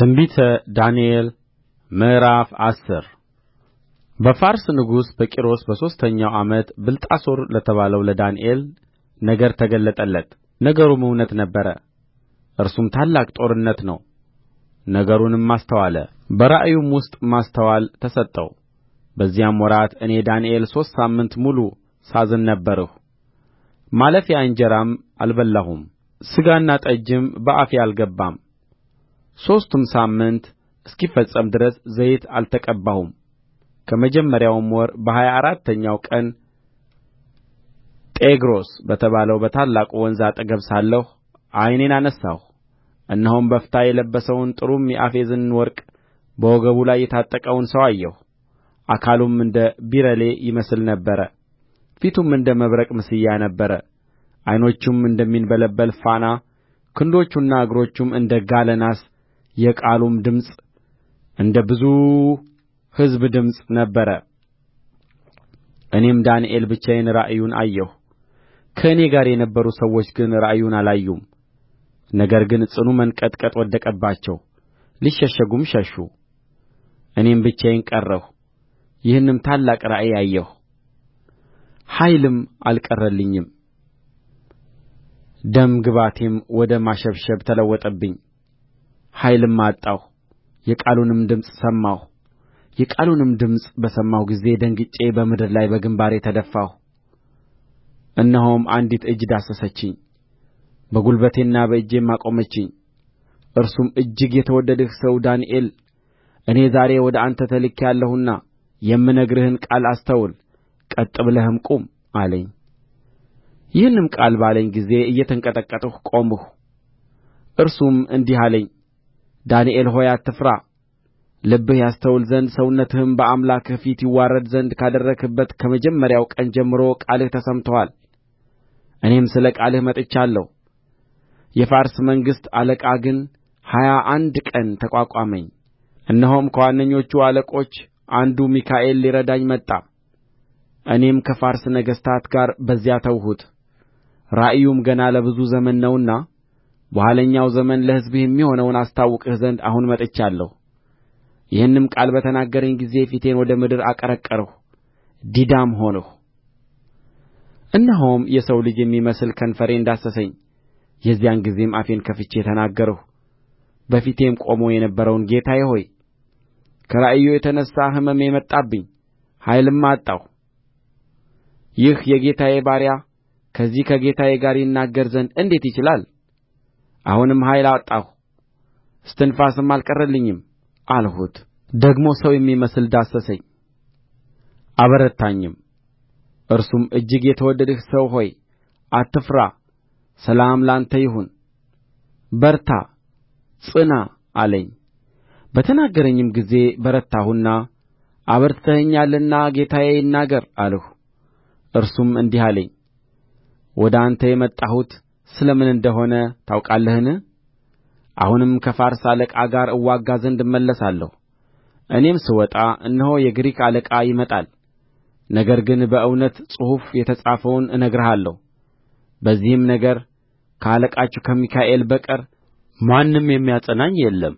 ትንቢተ ዳንኤል ምዕራፍ አስር በፋርስ ንጉሥ በቂሮስ በሦስተኛው ዓመት ብልጣሶር ለተባለው ለዳንኤል ነገር ተገለጠለት ነገሩም እውነት ነበረ እርሱም ታላቅ ጦርነት ነው ነገሩንም አስተዋለ በራእዩም ውስጥ ማስተዋል ተሰጠው በዚያም ወራት እኔ ዳንኤል ሦስት ሳምንት ሙሉ ሳዝን ነበርሁ ማለፊያ እንጀራም አልበላሁም ሥጋና ጠጅም በአፌ አልገባም ሦስቱም ሳምንት እስኪፈጸም ድረስ ዘይት አልተቀባሁም ከመጀመሪያውም ወር በሀያ አራተኛው ቀን ጤግሮስ በተባለው በታላቁ ወንዝ አጠገብ ሳለሁ ዓይኔን አነሣሁ እነሆም በፍታ የለበሰውን ጥሩም የአፌዝን ወርቅ በወገቡ ላይ የታጠቀውን ሰው አየሁ አካሉም እንደ ቢረሌ ይመስል ነበረ ፊቱም እንደ መብረቅ ምስያ ነበረ ዓይኖቹም እንደሚንበለበል ፋና ክንዶቹና እግሮቹም እንደ ጋለ ናስ የቃሉም ድምፅ እንደ ብዙ ሕዝብ ድምፅ ነበረ እኔም ዳንኤል ብቻዬን ራእዩን አየሁ ከእኔ ጋር የነበሩ ሰዎች ግን ራእዩን አላዩም ነገር ግን ጽኑ መንቀጥቀጥ ወደቀባቸው ሊሸሸጉም ሸሹ እኔም ብቻዬን ቀረሁ ይህንም ታላቅ ራእይ አየሁ ኃይልም አልቀረልኝም ደም ግባቴም ወደ ማሸብሸብ ተለወጠብኝ ኃይልም አጣሁ የቃሉንም ድምፅ ሰማሁ የቃሉንም ድምፅ በሰማሁ ጊዜ ደንግጬ በምድር ላይ በግምባሬ ተደፋሁ እነሆም አንዲት እጅ ዳሰሰችኝ በጕልበቴና በእጄም አቆመችኝ እርሱም እጅግ የተወደድህ ሰው ዳንኤል እኔ ዛሬ ወደ አንተ ተልኬአለሁና የምነግርህን ቃል አስተውል ቀጥ ብለህም ቁም አለኝ ይህንም ቃል ባለኝ ጊዜ እየተንቀጠቀጥሁ ቆምሁ እርሱም እንዲህ አለኝ ዳንኤል ሆይ አትፍራ ልብህ ያስተውል ዘንድ ሰውነትህም በአምላክህ ፊት ይዋረድ ዘንድ ካደረግህበት ከመጀመሪያው ቀን ጀምሮ ቃልህ ተሰምቶአል እኔም ስለ ቃልህ መጥቻለሁ የፋርስ መንግሥት አለቃ ግን ሀያ አንድ ቀን ተቋቋመኝ እነሆም ከዋነኞቹ አለቆች አንዱ ሚካኤል ሊረዳኝ መጣ እኔም ከፋርስ ነገሥታት ጋር በዚያ ተውሁት ራእዩም ገና ለብዙ ዘመን ነውና በኋለኛው ዘመን ለሕዝብህ የሚሆነውን አስታውቅህ ዘንድ አሁን መጥቻለሁ ይህንም ቃል በተናገረኝ ጊዜ ፊቴን ወደ ምድር አቀረቀርሁ ዲዳም ሆንሁ እነሆም የሰው ልጅ የሚመስል ከንፈሬን ዳሰሰኝ የዚያን ጊዜም አፌን ከፍቼ ተናገርሁ በፊቴም ቆሞ የነበረውን ጌታዬ ሆይ ከራእዩ የተነሣ ሕመሜ መጣብኝ ኃይልም አጣሁ ይህ የጌታዬ ባሪያ ከዚህ ከጌታዬ ጋር ይናገር ዘንድ እንዴት ይችላል አሁንም ኃይል አጣሁ እስትንፋስም አልቀረልኝም አልሁት ደግሞ ሰው የሚመስል ዳሰሰኝ አበረታኝም እርሱም እጅግ የተወደድህ ሰው ሆይ አትፍራ ሰላም ለአንተ ይሁን በርታ ጽና አለኝ በተናገረኝም ጊዜ በረታሁና አበርትተኸኛልና ጌታዬ ይናገር አልሁ እርሱም እንዲህ አለኝ ወደ አንተ የመጣሁት ስለ ምን እንደ ሆነ ታውቃለህን አሁንም ከፋርስ አለቃ ጋር እዋጋ ዘንድ እመለሳለሁ እኔም ስወጣ እነሆ የግሪክ አለቃ ይመጣል ነገር ግን በእውነት ጽሑፍ የተጻፈውን እነግርሃለሁ በዚህም ነገር ከአለቃችሁ ከሚካኤል በቀር ማንም የሚያጸናኝ የለም